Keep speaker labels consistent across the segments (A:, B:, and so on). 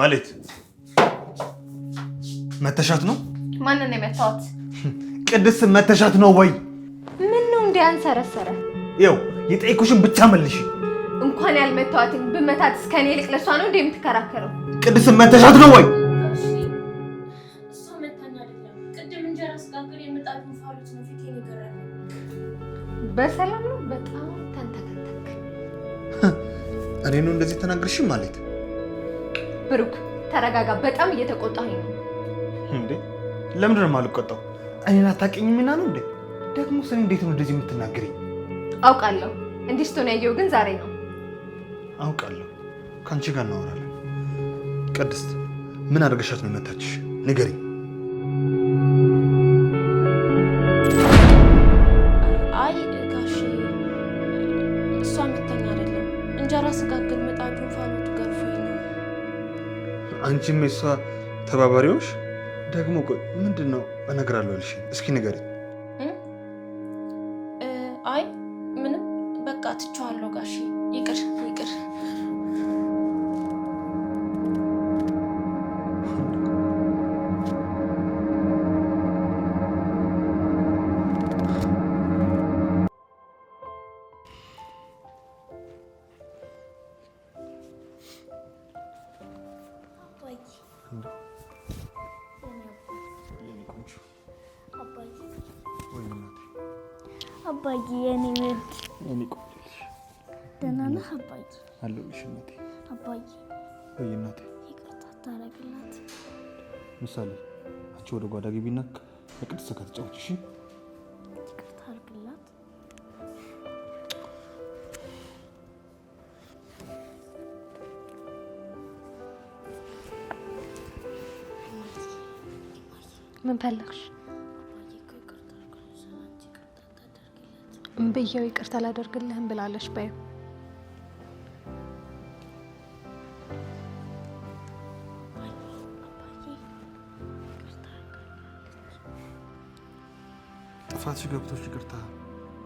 A: ማለት መተሻት ነው?
B: ማንን ነው የመታወት?
A: ቅድስት መተሻት ነው ወይ?
B: ምን ነው እንደ አንሰረሰረ?
A: ይኸው የጠየኩሽን ብቻ መልሽ።
B: እንኳን ያልመታወትን ብመታት እስከኔ ይልቅ ለሷ ነው እንደ የምትከራከረው።
A: ቅድስት መተሻት ነው ወይ?
B: በሰላም ነው። በጣም ተንተከተክ።
A: እኔ ነው እንደዚህ ተናግርሽ ማለት
B: ብሩክ ተረጋጋ። በጣም እየተቆጣኝ ነው።
A: እንዴ ለምንድን ነው የማልቆጣው? እኔን አታውቂኝም እና ነው እንዴ? ደግሞ ስለ እንዴት ነው እንደዚህ የምትናገሪኝ?
B: አውቃለሁ። እንዲህ ስትሆን ያየው ግን ዛሬ ነው።
A: አውቃለሁ። ከአንቺ ጋር እናወራለን። ቅድስት ምን አድርገሻት ነው የመታችሽ? ንገሪኝ። አንቺም የሷ ተባባሪዎች ደግሞ ምንድን ነው እነግራለሁ ልሽ እስኪ ንገሪኝ
B: አባዬ የኔ ውድ
A: የኔ ቆንጆልሽ
B: ደህና ነህ አባዬ?
A: አለሁልሽ እናቴ። አባዬ ወይ እናቴ፣ ይቅርታ ምሳሌ አንቺ ወደ ጓዳ ግቢና በቅድስት ከተጫወች። እሺ
B: ይቅርታ ምን ፈለግሽ? ምን ብየው ይቅርታ ላደርግልህም ብላለች። በዩ
A: ጥፋት ገብቶች ይቅርታ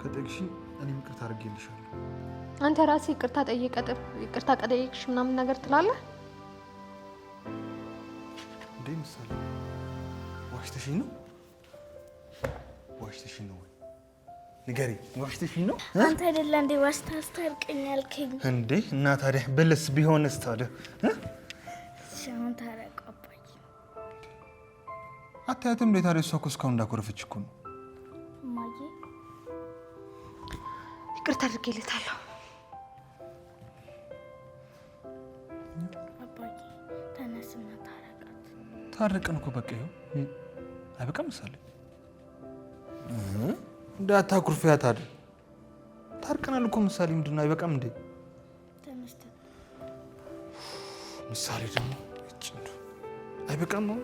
A: ከጠቅሽ እኔም ይቅርታ አድርጌልሻለሁ።
B: አንተ ራስህ ይቅርታ ጠየቀ ይቅርታ ቀጠየቅሽ ምናምን ነገር ትላለህ
A: እንዴ? ምሳሌ ዋሽተሽኝ ነው ዋሽተሽኝ ነው ንገሪ ዋሽተሽ ነው?
B: አንተ አይደለ እንዴ ዋሽታ አስታርቀኝ ያልከኝ
A: እንዴ? እና ታዲያ ብልስ ቢሆንስ ታዲያ አታያትም እንዴ ታዲያ? እሷ እኮ እስካሁን እንዳኮረፈች እኮ ነው።
B: እማዬ ይቅርታ አድርጌለታለሁ። አባዬ ተነስና ታረቃት።
A: ታረቅን እኮ በቃ ይኸው። አይበቃም ምሳሌ እንዳታኩርፊያት አይደል? ታርቀናል እኮ ምሳሌ። ምንድን ነው አይበቃም እንዴ? ምሳሌ ደግሞ አይበቃም ነው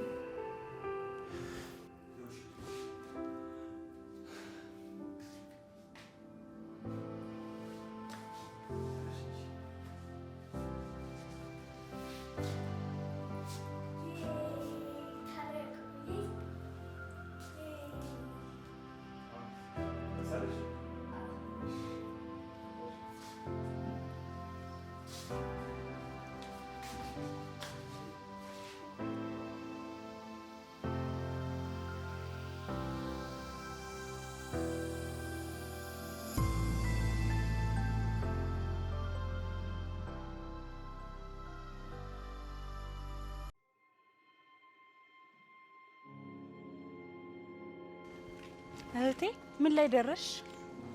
C: እህቴ ምን ላይ ደረሽ?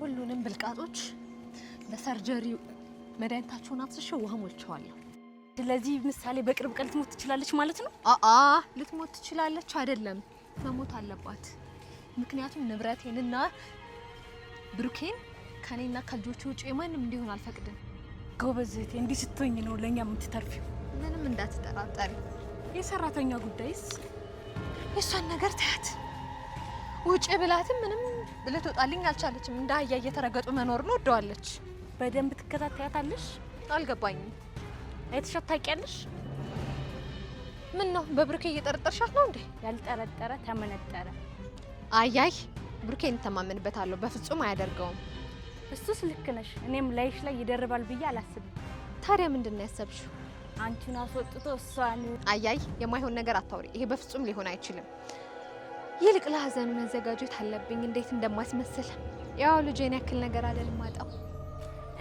C: ሁሉንም ብልቃጦች በሰርጀሪ መድኃኒታቸውን አፍስሼው ውሃ ስለዚህ ምሳሌ በቅርብ ቀን ልትሞት ትችላለች ማለት ነው?
D: አአ ልትሞት ትችላለች አይደለም፣ መሞት አለባት። ምክንያቱም ንብረቴንና ብሩኬን ከኔና ከልጆቹ ውጭ ማንም እንዲሆን አልፈቅድም።
C: ጎበዝ እህቴ፣ እንዲህ ስትሆኝ ነው ለእኛ የምትተርፊው።
D: ምንም እንዳትጠራጠሪ።
C: የሰራተኛ ጉዳይስ
D: የእሷን ነገር ታያት። ውጭ ብላትም ምንም ልትወጣልኝ አልቻለችም። እንደ አህያ እየተረገጡ መኖር ነው ወደዋለች።
C: በደንብ ትከታተያታለሽ? አልገባኝም። አይተሻት ታውቂያለሽ? ምን ነው በብሩኬ እየጠረጠርሻት ነው እንዴ?
D: ያልጠረጠረ ተመነጠረ።
C: አያይ ብሩኬን እንተማመንበታለሁ። በፍጹም አያደርገውም።
D: እሱስ ልክ ነሽ። እኔም ላይሽ ላይ ይደርባል ብዬ አላስብም።
C: ታዲያ ምንድን ነው ያሰብሽው?
D: አንቺን አስወጥቶ እሷን።
C: አያይ የማይሆን ነገር አታውሪ። ይሄ በፍጹም ሊሆን አይችልም። ይልቅ ለሀዘን መዘጋጀት አለብኝ። እንዴት እንደማስመስል ያው ልጄን ያክል ነገር ማጣው።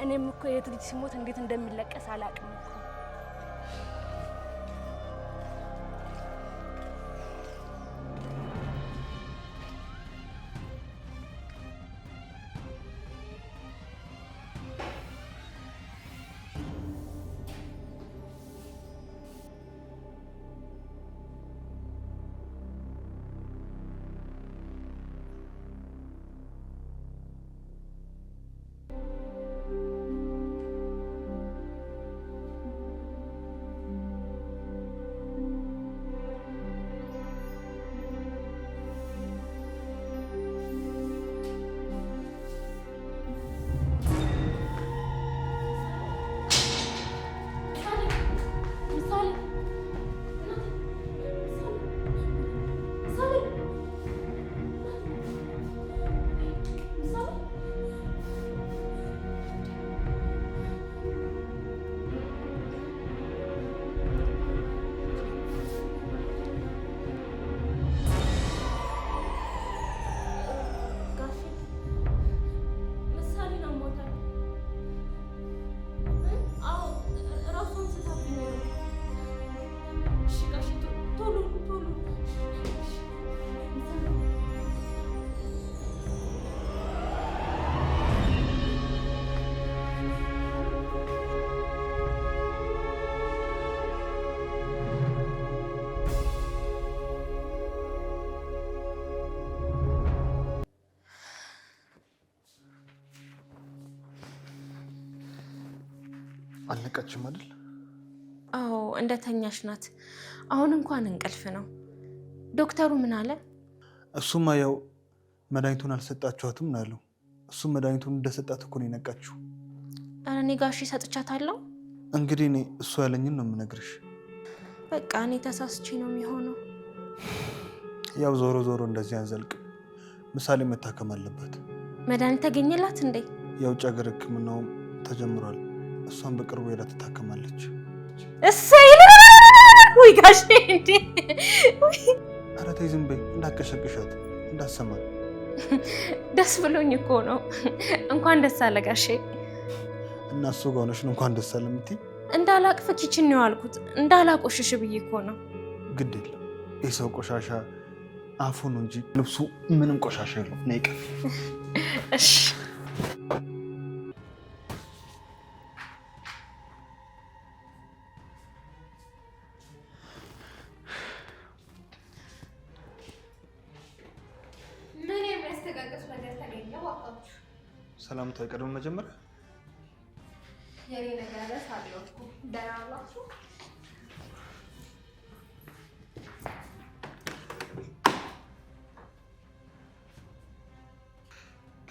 D: እኔም እኮ የት ልጅ ሲሞት እንዴት እንደሚለቀስ አላቅም።
A: አልነቃችም አይደል?
D: አዎ ተኛሽ ናት። አሁን እንኳን እንቅልፍ ነው። ዶክተሩ ምን አለ?
A: እሱማ ያው መድኃኒቱን አልሰጣችኋትም ነው ያለው። እሱም መድኃኒቱን እንደሰጣት እኮ ነው የነቃችው።
D: ኧረ እኔ ጋሽ ሰጥቻታለሁ።
A: እንግዲህ እኔ እሱ ያለኝን ነው የምነግርሽ።
D: በቃ እኔ ተሳስቼ ነው የሚሆነው።
A: ያው ዞሮ ዞሮ እንደዚህ አንዘልቅ። ምሳሌ መታከም አለባት።
D: መድኃኒት ተገኘላት እንዴ?
A: የውጭ ሀገር ህክምናውም ተጀምሯል። እሷን በቅርቡ ሄዳ ትታከማለች።
D: እሰይ ወይ ጋሽ እንዴ!
A: ኧረ ተይ ዝም በይ እንዳትቀሸቅሻት እንዳትሰማል።
D: ደስ ብሎኝ እኮ ነው። እንኳን ደስ አለ ጋሼ።
A: እና እሱ ጋር ሆነሽ ነው እንኳን ደስ አለ የምትይ?
D: እንዳላቅፍ ኪችን ነው ያልኩት፣ እንዳላቆሽሽ ብዬ እኮ ነው።
A: ግድ የለም የሰው ቆሻሻ አፉ ነው እንጂ ልብሱ ምንም ቆሻሻ የለውም። ነይ ቀፍ። እሺ አይቀርም። መጀመሪያ
B: የኔ ነገር ደህና ዋላችሁ።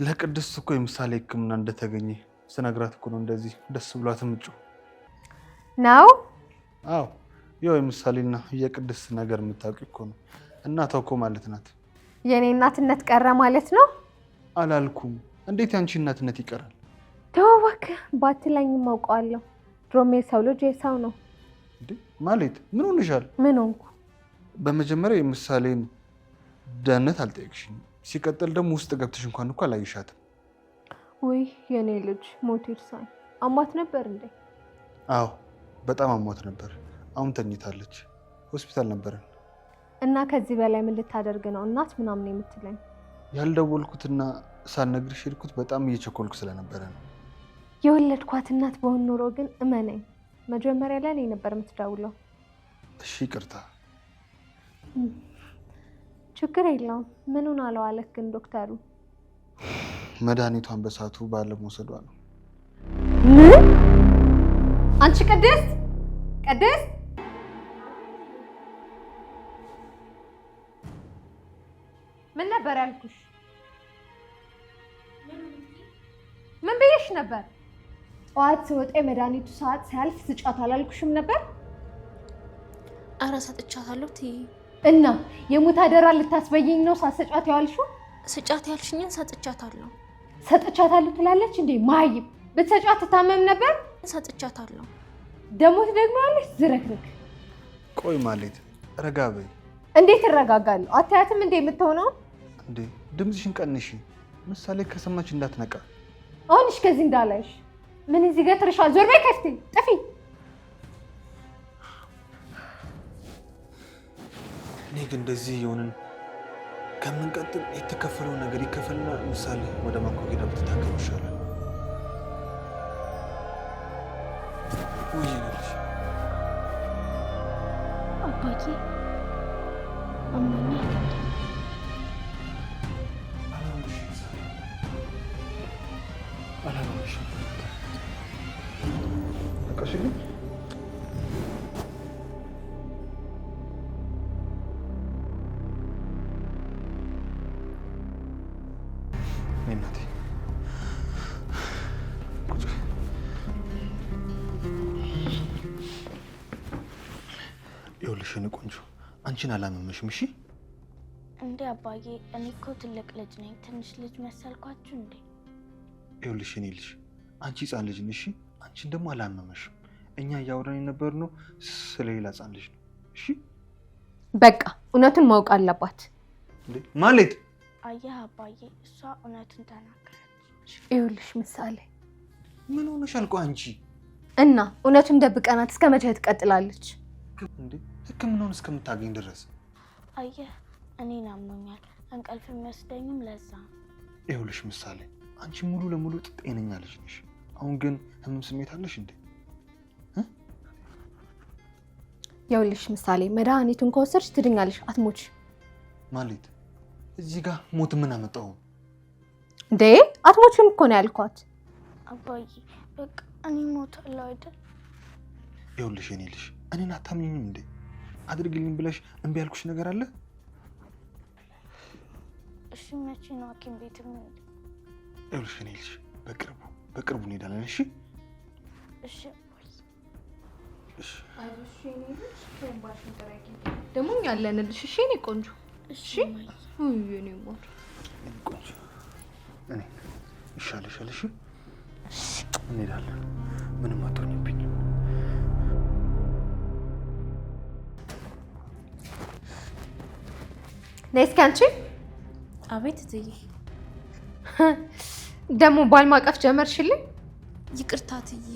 A: ለቅድስት እኮ የምሳሌ ሕክምና እንደተገኘ ስነግራት እኮ ነው እንደዚህ ደስ ብሏት ምጩ ነው። አዎ ያው የምሳሌና የቅድስት ነገር የምታውቂ እኮ ነው። እናቷ እኮ ማለት ናት።
D: የእኔ እናትነት ቀረ ማለት ነው
A: አላልኩም እንዴት ያንቺ እናትነት ይቀራል?
D: ተው እባክህ፣ ባትለኝም አውቀዋለሁ። ድሮም የሰው ልጅ የሰው ነው።
A: ማለት ምን ሆንሻል? ምን ሆንኩ? በመጀመሪያ የምሳሌን ደህንነት አልጠየቅሽኝ። ሲቀጥል ደግሞ ውስጥ ገብተሽ እንኳን እኮ አላየሻትም።
D: ውይ የኔ ልጅ ሞት ይርሳኝ። አሟት ነበር እንዴ?
A: አዎ በጣም አሟት ነበር። አሁን ተኝታለች። ሆስፒታል ነበርን
D: እና ከዚህ በላይ ምን ልታደርግ ነው እናት ምናምን የምትለኝ
A: ያልደወልኩትና ሳልነግርሽ ሄድኩት በጣም እየቸኮልኩ ስለነበረ ነው።
D: የወለድኳት እናት በሆን ኖሮ ግን እመነኝ፣ መጀመሪያ ላይ እኔ ነበር የምትደውለው። እሺ ይቅርታ። ችግር የለውም። ምኑን አለክ ግን ዶክተሩ?
A: መድኃኒቷን በሳቱ ባለመውሰዷ ነው። ምን?
C: አንቺ ቅድስት፣ ቅድስት ምን ነበር ያልኩሽ? ነበር። ጠዋት ስወጣ የመድኃኒቱ ሰዓት ሳያልፍ ስጫት አላልኩሽም ነበር?
B: አረ ሰጥቻታለሁ ትይ
C: እና የሙት አደራ ልታስበይኝ ነው ሳትሰጫት ያዋልሽው?
B: ስጫት ያልሽኝን ሰጥቻታለሁ።
C: ሰጥቻታለሁ ትላለች እንዴ ማይም ብትሰጫት ትታመም ነበር።
B: ሰጥቻታለሁ
C: ደግሞ ትደግመዋለች። ዝረክርክ
A: ቆይ ማለት ረጋ በይ።
C: እንዴት እረጋጋለሁ? አታያትም እንዴ የምትሆነው?
A: እንዴ ድምፅሽን ቀንሽ፣ ምሳሌ ከሰማች እንዳትነቃ
C: አሁን ከዚህ እንዳላይሽ ምን እዚህ ገትርሻል? ዞር በይ ከፍቴ ጥፊ።
A: እኔ ግን እንደዚህ የሆንን ከምንቀጥል የተከፈለውን ነገር ይከፈልና ምሳሌ ወደ ማኮጌዳ ብትታከም ይሻላል። ውይነች
B: አባዬ አማኛ
A: አላመመሽም? እሺ
B: እንዴ አባዬ፣ እኔ እኮ ትልቅ ልጅ ነኝ። ትንሽ ልጅ መሰልኳችሁ እንዴ?
A: ይኸውልሽ፣ እኔ ልጅ አንቺ ህፃን ልጅ ነሽ። አንቺን ደግሞ አላመመሽም። እኛ እያወራን የነበርነው ስለሌላ ህፃን ልጅ ነው። እሺ
C: በቃ እውነቱን ማወቅ አለባት
A: ማለት።
B: አየህ አባዬ፣ እሷ እውነቱን ተናገረች።
D: ይኸውልሽ ምሳሌ፣
A: ምን ሆነሽ አልቆ አንቺ
C: እና እውነቱን ደብቀናት እስከ መቼ ትቀጥላለች?
A: ሕክምናውን እስከምታገኝ ድረስ
B: አየህ፣ እኔን አሞኛል። እንቅልፍ የሚወስደኝም ለዛ
A: ይኸውልሽ ምሳሌ፣ አንቺ ሙሉ ለሙሉ ጤነኛ ልጅ ነሽ። አሁን ግን ህመም ስሜት አለሽ እንዴ?
C: ይኸውልሽ ምሳሌ፣ መድኃኒቱን ከወሰድሽ ትድኛለሽ፣ አትሞች።
A: ማለት እዚህ ጋር ሞት ምን አመጣው
C: እንዴ? አትሞችም እኮ ነው ያልኳት።
B: አባዬ በቃ እኔ ሞታለሁ አይደል?
A: ይኸውልሽ የኔ ልጅ፣ እኔን አታምኝም እንዴ? አድርግልኝ ብለሽ እምቢ ያልኩሽ ነገር አለ?
B: እሺ መቼ ነው ሐኪም ቤት የምንሄድ?
A: ይኸውልሽ እኔ ልሽ በቅርቡ በቅርቡ እንሄዳለን። እሺ
B: እሺ
C: ደግሞ ያለንልሽ። እሺ እኔ ቆንጆ እሺ እኔ ቆንጆ
A: እኔ ይሻልሻል። እሺ እንሄዳለን። ምንም አትሆኝብኝ
C: ነይስ ከአንቺ። አቤት እትዬ። ደግሞ ባል ማቀፍ ጀመርሽልኝ።
B: ይቅርታ እትዬ።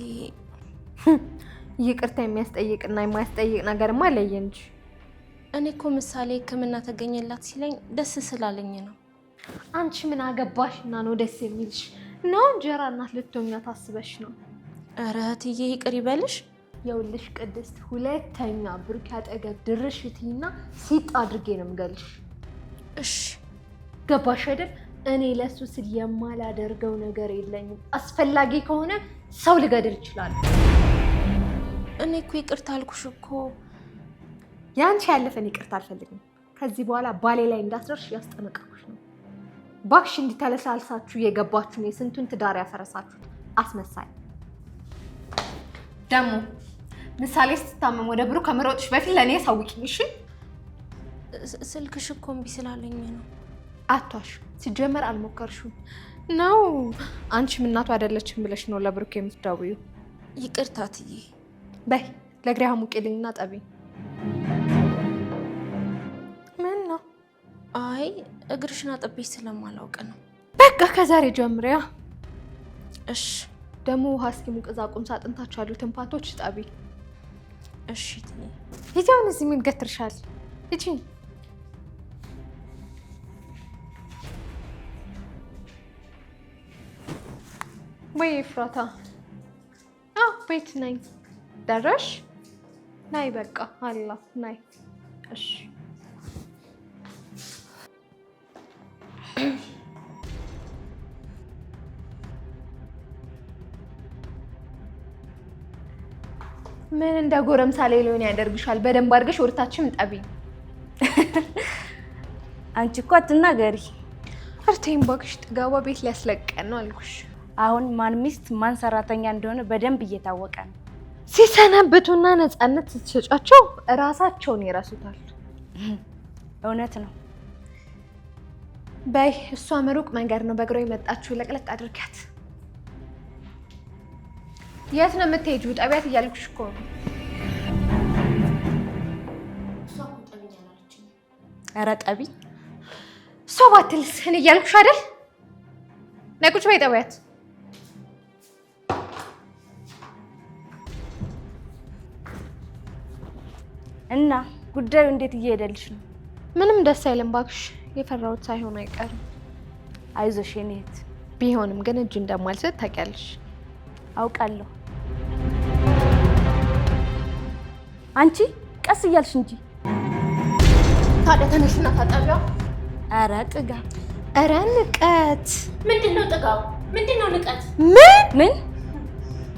C: ይቅርታ የሚያስጠይቅና የማያስጠይቅ ነገርማ ለየ እንጂ።
B: እኔ እኮ ምሳሌ ሕክምና ተገኘላት ሲለኝ ደስ ስላለኝ ነው።
C: አንቺ ምን አገባሽ እና ነው ደስ የሚልሽ? ነው እንጀራ እናት ልትሆኛ ታስበሽ ነው?
B: ኧረ እትዬ ይቅር ይበልሽ።
C: የውልሽ ቅድስት፣ ሁለተኛ ብሩክ አጠገብ ድርሽቲ እና ሲጥ አድርጌ ነው የምገልሽ። እሺ ገባሽ አይደል? እኔ ለሱ ስል የማላደርገው ነገር የለኝም። አስፈላጊ ከሆነ ሰው ልገድል እችላለሁ።
B: እኔ እኮ ይቅርታ አልኩሽ እኮ።
C: ያንቺ ያለፈን ይቅርታ አልፈልግም። ከዚህ በኋላ ባሌ ላይ እንዳትደርሽ ያስጠነቀኩሽ ነው። ባክሽ እንዲተለሳልሳችሁ የገባችሁ ነው የስንቱን ትዳር ያፈረሳችሁት አስመሳይ። ደግሞ ምሳሌ ስትታመም ወደ ብሩ ከመሮጥሽ በፊት ለእኔ ሳውቂኝ እሺ።
B: ስልክሽ እኮ እምቢ ስላለኝ ነው።
C: አቷሽ ሲጀመር አልሞከርሽም ነው። አንቺም እናቱ አይደለችም ብለሽ ነው ለብሩክ የምትደውዩ?
B: ይቅርታ እትዬ።
C: በይ ለእግሬ ሙቄልኝና ጠቢ። ምን ነው?
B: አይ እግርሽን አጥቤሽ ስለማላውቅ ነው።
C: በቃ ከዛሬ ጀምሪያ። እሺ። ደግሞ ውሃ እስኪሙቅ እዛ ቁም ሳጥንታችሁ ያሉትን ፓንቶች ጠቢ። እሺ እትዬ። ይኸው እዚህ ምን ገትርሻል? እቺ ወይ ኤፍራታ? አዎ ቤት ነኝ። ደረሽ? ናይ በቃ አላ ናይ። እሺ ምን እንደ ጎረምሳ ላይ ያደርግሻል። በደንብ አድርገሽ ወርታችን ጠቢ። አንቺ እኮ አትናገሪ። እርቴን ባክሽ፣ ጥጋባ ቤት ሊያስለቀን ነው አልኩሽ። አሁን ማን ሚስት ማን ሰራተኛ እንደሆነ በደንብ እየታወቀ ነው። ሲሰናብቱና ነፃነት ስትሰጫቸው እራሳቸውን ይረሱታል። እውነት ነው። በይ እሷ ሩቅ መንገድ ነው በእግሯ የመጣችሁ፣ ለቅለቅ አድርጊያት። የት ነው የምትሄጂው? ጠቢያት እያልኩሽ እኮ ነው። ኧረ ጠቢ እሷ ባትልስ እኔ እያልኩሽ አይደል? ነይ ቁጭ በይ ጠቢያት እና ጉዳዩ እንዴት እየሄደልሽ ነው? ምንም ደስ አይልም ባክሽ። የፈራሁት ሳይሆን አይቀርም። አይዞሽ የኔ እህት። ቢሆንም ግን እጅ እንደማልሰጥ ታውቂያለሽ። አውቃለሁ። አንቺ ቀስ እያልሽ እንጂ
B: ታዲያ ተነሽና ታጠቢያ።
C: ኧረ ጥጋ ኧረ ንቀት! ምንድን ነው ጥጋው ምንድን ነው ንቀት? ምን ምን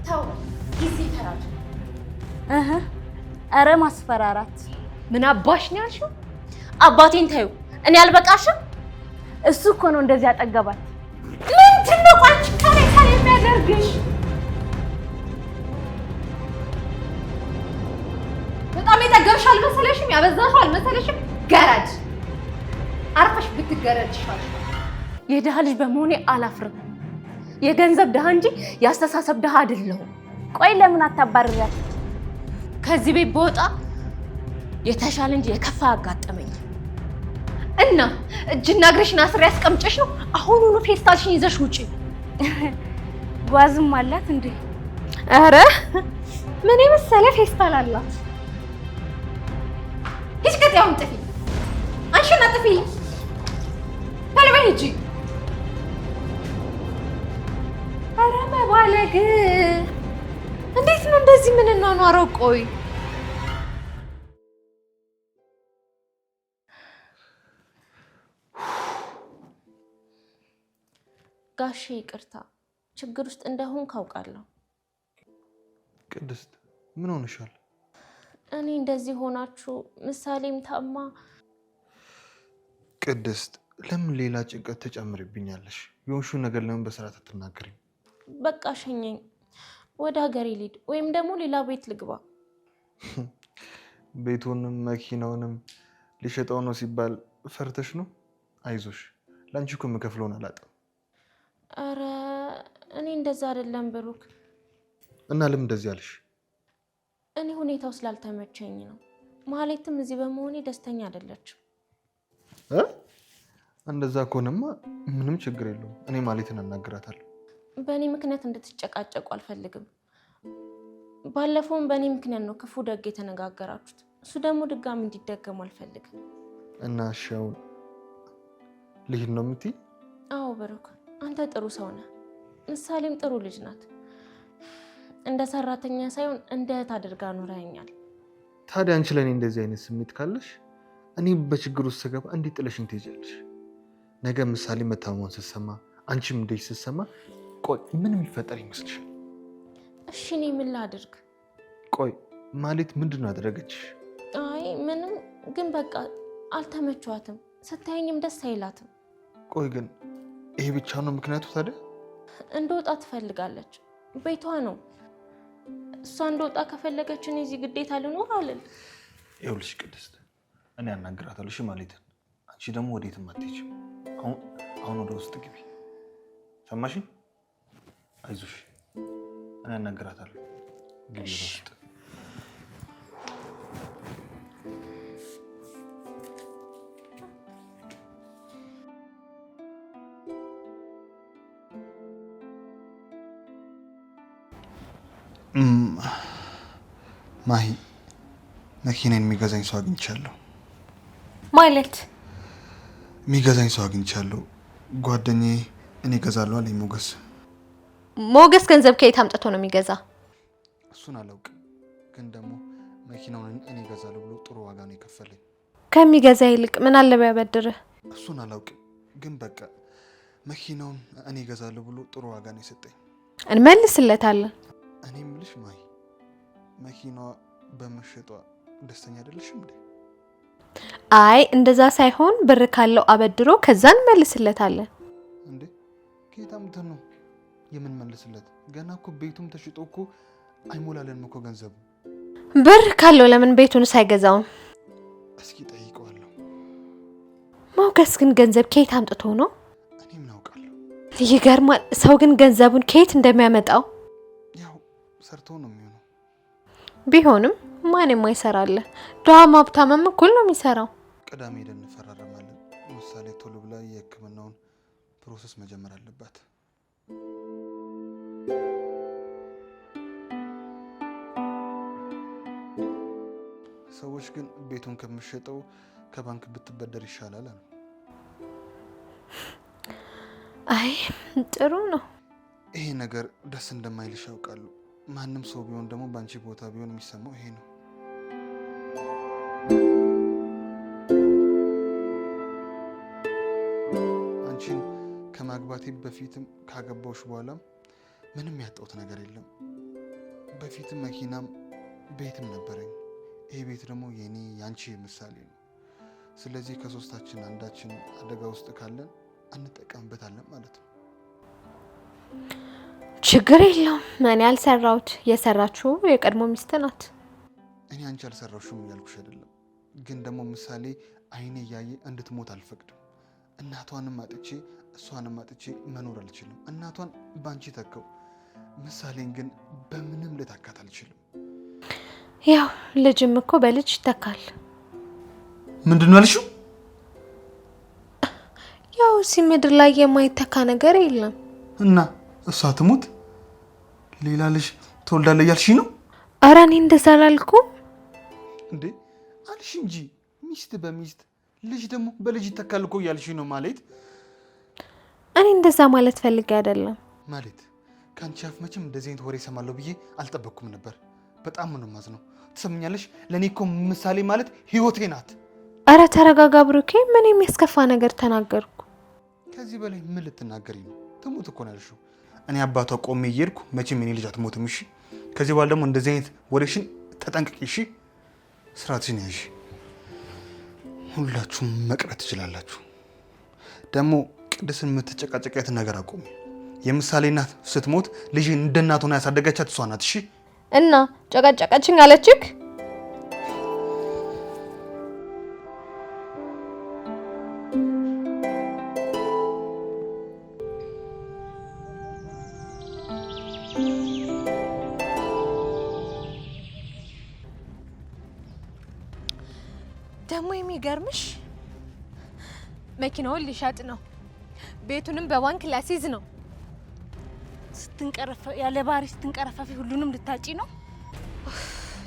B: ተው ጊዜ ተራጅ
C: ኧረ ማስፈራራት ምን አባሽ ነው ያልሽው? አባቴን ታዩ እኔ አልበቃሽም? እሱ እኮ ነው እንደዚህ ያጠገባል። ምንድን ነው ካሬ ካሬ የሚያደርግሽ? በጣም የጠገብሽ አልመሰለሽም? ያበዛሽ አልመሰለሽም? ገረድ አርፈሽ ብትገረድ ይሻል። የድሃ ልጅ በመሆኔ አላፍርም። የገንዘብ ድሃ እንጂ የአስተሳሰብ ድሃ አይደለሁም። ቆይ ለምን አታባርሪያት? ከዚህ ቤት በወጣ የተሻለ እንጂ የከፋ አጋጠመኝ እና እጅና እግርሽን አስሬ ያስቀምጨሽ ነው። አሁኑኑ ፌስታልሽን ይዘሽ ውጪ።
D: ጓዝም አላት እንዴ? ኧረ ምን የመሰለ ፌስታል አላት።
C: ሂጅ፣ ቅጥያውን ጥፊ፣ አንሽና ጥፊ፣ ተልበይ ሂጂ። ኧረ መባለግ እንዴት ነው እንደዚህ ምን እናኗረው? ቆይ
B: ጋሼ ይቅርታ፣ ችግር ውስጥ እንደሆን ካውቃለሁ።
A: ቅድስት ምን ሆንሻል?
B: እኔ እንደዚህ ሆናችሁ ምሳሌም ታማ።
A: ቅድስት ለምን ሌላ ጭንቀት ተጨምርብኛለሽ? የሆንሹ ነገር ለምን በስርዓት አትናገሪም?
B: በቃ ሸኘኝ። ወደ ሀገሬ ልሂድ ወይም ደግሞ ሌላ ቤት ልግባ።
A: ቤቱንም መኪናውንም ሊሸጠው ነው ሲባል ፈርተሽ ነው? አይዞሽ፣ ለአንቺ እኮ የምከፍለውን አላጣም።
B: ኧረ እኔ እንደዛ አይደለም ብሩክ።
A: እና ለምን እንደዚህ አልሽ?
B: እኔ ሁኔታው ስላልተመቸኝ ነው። ማለትም እዚህ በመሆኔ ደስተኛ አይደለችም።
A: እንደዛ ከሆነማ ምንም ችግር የለውም። እኔ ማለትን አናግራታለሁ።
B: በእኔ ምክንያት እንድትጨቃጨቁ አልፈልግም። ባለፈውም በእኔ ምክንያት ነው ክፉ ደግ የተነጋገራችሁት። እሱ ደግሞ ድጋሚ እንዲደገሙ አልፈልግም።
A: እና ሻው ልሂድ ነው የምትይ?
B: አዎ ብሩክ፣ አንተ ጥሩ ሰው ነህ። ምሳሌም ጥሩ ልጅ ናት። እንደ ሰራተኛ ሳይሆን እንደ እህት አድርጋ ኖረኛል።
A: ታዲያ አንቺ ለእኔ እንደዚህ አይነት ስሜት ካለሽ እኔ በችግር ውስጥ ስገባ እንዴት ጥለሽኝ ትሄጃለሽ? ነገ ምሳሌ መታመሟን ስትሰማ አንቺም እንደዚህ ስትሰማ ቆይ ምን የሚፈጠር ይመስልሻል?
B: እሺ እኔ ምን ላድርግ?
A: ቆይ ማለት ምንድን ነው ያደረገችሽ?
B: አይ ምንም፣ ግን በቃ አልተመቸዋትም። ስታየኝም ደስ አይላትም።
A: ቆይ ግን ይሄ ብቻ ነው ምክንያቱ? ታዲያ
B: እንደወጣ ትፈልጋለች። ቤቷ ነው እሷ። እንደወጣ ከፈለገችን እኔ እዚህ ግዴታ ልኖር አልል።
A: ይኸውልሽ ቅድስት፣ እኔ አናግራታለሁ። እሺ ማለትን፣ አንቺ ደግሞ ወዴትም አትሄጂም። አሁን ወደ ውስጥ ግቢ። ሰማሽኝ? አይዞሽ፣ እኔ አናግራታለሁ። ግቢ ውስጥ ማሂ መኪናን የሚገዛኝ ሰው አግኝቻለሁ። ማለት የሚገዛኝ ሰው አግኝቻለሁ። ጓደኛዬ እኔ እገዛለሁ አለኝ ሞገስ
B: ሞገስ ገንዘብ ከየት አምጥቶ ነው የሚገዛ?
A: እሱን አላውቅም፣ ግን ደግሞ መኪናውን እኔ እገዛለሁ ብሎ ጥሩ ዋጋ ነው የከፈለኝ።
B: ከሚገዛ ይልቅ ምን አለ ቢያበድርህ?
A: እሱን አላውቅም፣ ግን በቃ መኪናውን እኔ እገዛለሁ ብሎ ጥሩ ዋጋ ነው የሰጠኝ።
B: እንመልስለታለን።
A: እኔ የምልሽ ማይ፣ መኪናዋ በመሸጧ ደስተኛ አይደለሽም እንዴ?
B: አይ እንደዛ ሳይሆን ብር ካለው አበድሮ ከዛ እንመልስለታለን።
A: እንዴ ጌታምትን ነው የምንመልስለት? ገና እኮ ቤቱም ተሽጦ እኮ አይሞላልንም እኮ ገንዘቡ።
B: ብር ካለው ለምን ቤቱን አይገዛውም?
A: እስኪ ጠይቀዋለሁ።
B: ሞገስ ግን ገንዘብ ከየት አምጥቶ ነው?
A: እኔ ምን አውቃለሁ።
B: ይገርማል። ሰው ግን ገንዘቡን ከየት እንደሚያመጣው
A: ያው ሰርቶ ነው የሚሆነው።
B: ቢሆንም ማን የማይሰራለ ድሃ ማብታመም እኩል ነው የሚሰራው።
A: ቅዳሜ ሄደን እንፈራረማለን። ምሳሌ ቶሎ ብላ የህክምናውን ፕሮሰስ መጀመር አለባት። ሰዎች ግን ቤቱን ከምሸጠው ከባንክ ብትበደር ይሻላል አሉ።
B: አይ ጥሩ ነው።
A: ይሄ ነገር ደስ እንደማይልሽ ያውቃሉ። ማንም ሰው ቢሆን ደግሞ በአንቺ ቦታ ቢሆን የሚሰማው ይሄ ነው። አንቺን ከማግባቴ በፊትም ካገባሁሽ በኋላም ምንም ያጣሁት ነገር የለም። በፊት መኪናም ቤትም ነበረኝ። ይሄ ቤት ደግሞ የኔ ያንቺ ምሳሌ ነው። ስለዚህ ከሶስታችን አንዳችን አደጋ ውስጥ ካለን እንጠቀምበታለን ማለት ነው።
B: ችግር የለውም። እኔ ያልሰራሁት የሰራችው የቀድሞ ሚስት ናት።
A: እኔ አንቺ አልሰራሽም እያልኩሽ አይደለም፣ ግን ደግሞ ምሳሌ አይኔ እያየ እንድትሞት አልፈቅድም። እናቷንም አጥቼ እሷንም አጥቼ መኖር አልችልም። እናቷን ባንቺ ተከው ምሳሌን ግን በምንም ልታካት አልችልም።
B: ያው ልጅም እኮ በልጅ ይተካል። ምንድን ነው ያልሽው? ያው እዚህ ምድር ላይ የማይተካ ነገር የለም
A: እና እሷ ትሙት ሌላ ልጅ ትወልዳለህ እያልሽኝ ነው?
B: ኧረ እኔ እንደዛ አላልኩም።
A: እንዴ አልሽ እንጂ ሚስት በሚስት ልጅ ደግሞ በልጅ ይተካል እኮ እያልሽኝ ነው ማለት።
B: እኔ እንደዛ ማለት ፈልጌ አይደለም
A: ማለት ከአንቺ አፍ መቼም እንደዚህ አይነት ወሬ እሰማለሁ ብዬ አልጠበቅኩም ነበር። በጣም ምን ነው። ትሰምኛለሽ። ለእኔ እኮ ምሳሌ ማለት ህይወቴ ናት።
B: አረ ተረጋጋ ብሩኬ፣ ምን የሚያስከፋ ነገር ተናገርኩ?
A: ከዚህ በላይ ምን ልትናገሪ ነው? ትሙት እኮ ነው ያልሽው። እኔ አባቷ ቆሜ እየሄድኩ መቼም የኔ ልጅ አትሞትም። እሺ፣ ከዚህ በኋላ ደግሞ እንደዚህ አይነት ወሬሽን ተጠንቅቂ። እሺ፣ ስርዓትሽን ያዥ። ሁላችሁም መቅረት ትችላላችሁ። ደግሞ ቅድስን የምትጨቃጨቂያትን ነገር አቆሜ የምሳሌ እናት ስትሞት ልጅ እንደ እናት ሆና ያሳደገቻት እሷ ናት። እሺ
B: እና ጨቀጨቀችኝ አለችክ?
C: ደግሞ የሚገርምሽ መኪናውን ሊሸጥ ነው፣ ቤቱንም በባንክ ላሲዝ ነው ስትንቀረፈ ያለ ባህሪ ስትንቀረፈፊ ሁሉንም ልታጪ ነው።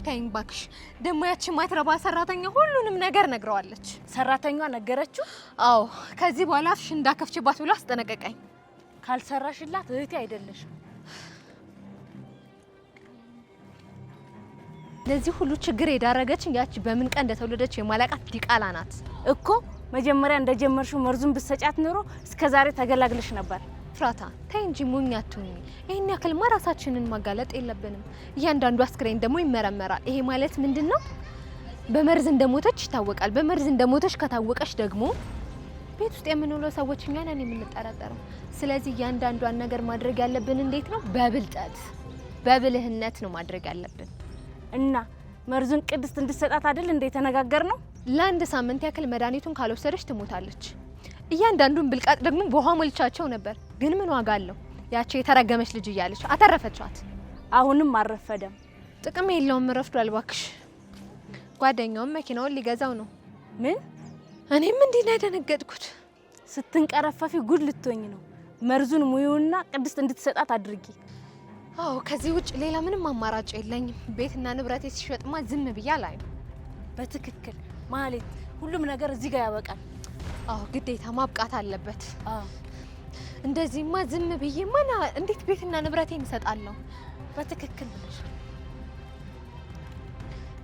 C: ተይኝ እባክሽ። ደግሞ ያቺ ማትረባ ሰራተኛ ሁሉንም ነገር ነግረዋለች። ሰራተኛ ነገረችው? አዎ። ከዚህ በኋላ አፍሽ እንዳከፍችባት ብሎ አስጠነቀቀኝ። ካልሰራሽላት እህቴ አይደለሽም። ለዚህ ሁሉ ችግር የዳረገችን ያቺ በምን ቀን እንደተወለደች የማላቃት ዲቃላ ናት እኮ። መጀመሪያ እንደጀመርሽው መርዙን ብትሰጫት ኑሮ እስከዛሬ ዛሬ ተገላግለሽ ነበር። ኤፍራታ ተይ እንጂ ሞኝ አትሁኝ። ይህን ያክልማ ራሳችንን ማጋለጥ የለብንም። እያንዳንዱ አስክሬን ደግሞ ይመረመራል። ይሄ ማለት ምንድን ነው? በመርዝ እንደሞተች ይታወቃል። በመርዝ እንደሞተች ከታወቀች ደግሞ ቤት ውስጥ የምንውለው ሰዎች እኛ ነን የምንጠረጠረው። ስለዚህ እያንዳንዷን ነገር ማድረግ ያለብን እንዴት ነው? በብልጠት በብልህነት ነው ማድረግ ያለብን እና መርዙን ቅድስት እንድትሰጣት አይደል እንደ የተነጋገር ነው። ለአንድ ሳምንት ያክል መድኃኒቱን ካልወሰደች ትሞታለች። እያንዳንዱን ብልቃጥ ደግሞ በውሃ ሞልቻቸው ነበር። ግን ምን ዋጋ አለው? ያቺ የተረገመች ልጅ እያለች አተረፈቻት። አሁንም አረፈደም ጥቅም የለውም ረፍዷል። እባክሽ ጓደኛውም መኪናውን ሊገዛው ነው። ምን? እኔም እንዲህ ነው ያደነገጥኩት። ስትንቀረፈፊ ጉድ ልትሆኝ ነው። መርዙን ሙዩና ቅድስት እንድትሰጣት አድርጊ። አዎ፣ ከዚህ ውጭ ሌላ ምንም አማራጭ የለኝም። ቤትና ንብረቴ ሲሸጥማ ዝም ብያል አይ በትክክል ማለት ሁሉም ነገር እዚህ ጋር ያበቃል። አዎ፣ ግዴታ ማብቃት አለበት። እንደዚህማ ዝም ማና እንዴት ቤትና ንብረቴን እሰጣለሁ? በትክክል ነሽ።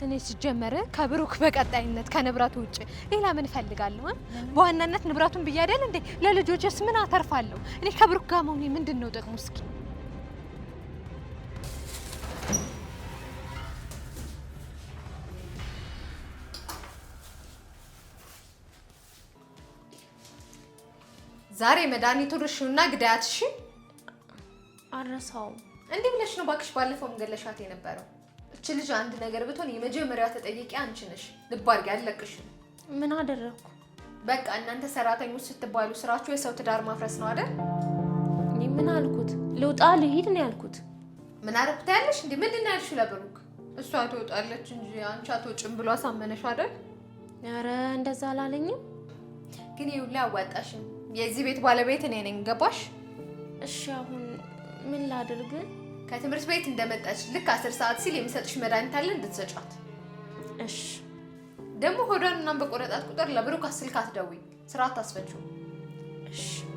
C: እኔ ሲጀመረ ከብሩክ በቀጣይነት ከንብረቱ ውጭ ሌላ ምን እፈልጋለሁ? በዋናነት ንብረቱን ብዬ እንዴ? ለልጆችስ ምን አተርፋለሁ? እኔ ከብሩክ ጋር መሆኔ ምንድን ነው ጥቅሙ? እስኪ ዛሬ መድኃኒቱን እሺውና ግዳያት። እሺ አረሳውም። እንዲህ ብለሽ ነው እባክሽ፣ ባለፈውም ገለሻት የነበረው እች ልጅ። አንድ ነገር ብትሆን የመጀመሪያ ተጠየቂ አንቺ ነሽ። ልብ አድርጊ፣ አልለቅሽም።
B: ምን አደረግኩ?
C: በቃ እናንተ ሰራተኞች ስትባሉ ስራችሁ የሰው ትዳር ማፍረስ ነው አይደል?
B: እኔ ምን አልኩት? ልውጣ ልሂድ ነው ያልኩት።
C: ምን አረፍታ ታያለሽ እንዴ? ምንድን ነው ያልሽው ለብሩክ? እሷ ትወጣለች እንጂ አንቺ አትወጭም ብሎ አሳመነሽ አይደል?
B: ኧረ እንደዛ አላለኝም።
C: ግን ይኸውልህ አዋጣሽም የዚህ ቤት ባለቤት እኔ ነኝ። ገባሽ?
B: እሺ። አሁን ምን ላድርግ?
C: ከትምህርት ቤት እንደመጣች ልክ አስር ሰዓት ሲል የሚሰጥሽ መድኃኒት አለ እንድትሰጫት። እሺ። ደግሞ ሆዷን እናም በቆረጣት ቁጥር ለብሩክ ስልክ አትደውይ፣ ስራ አታስፈችው። እሺ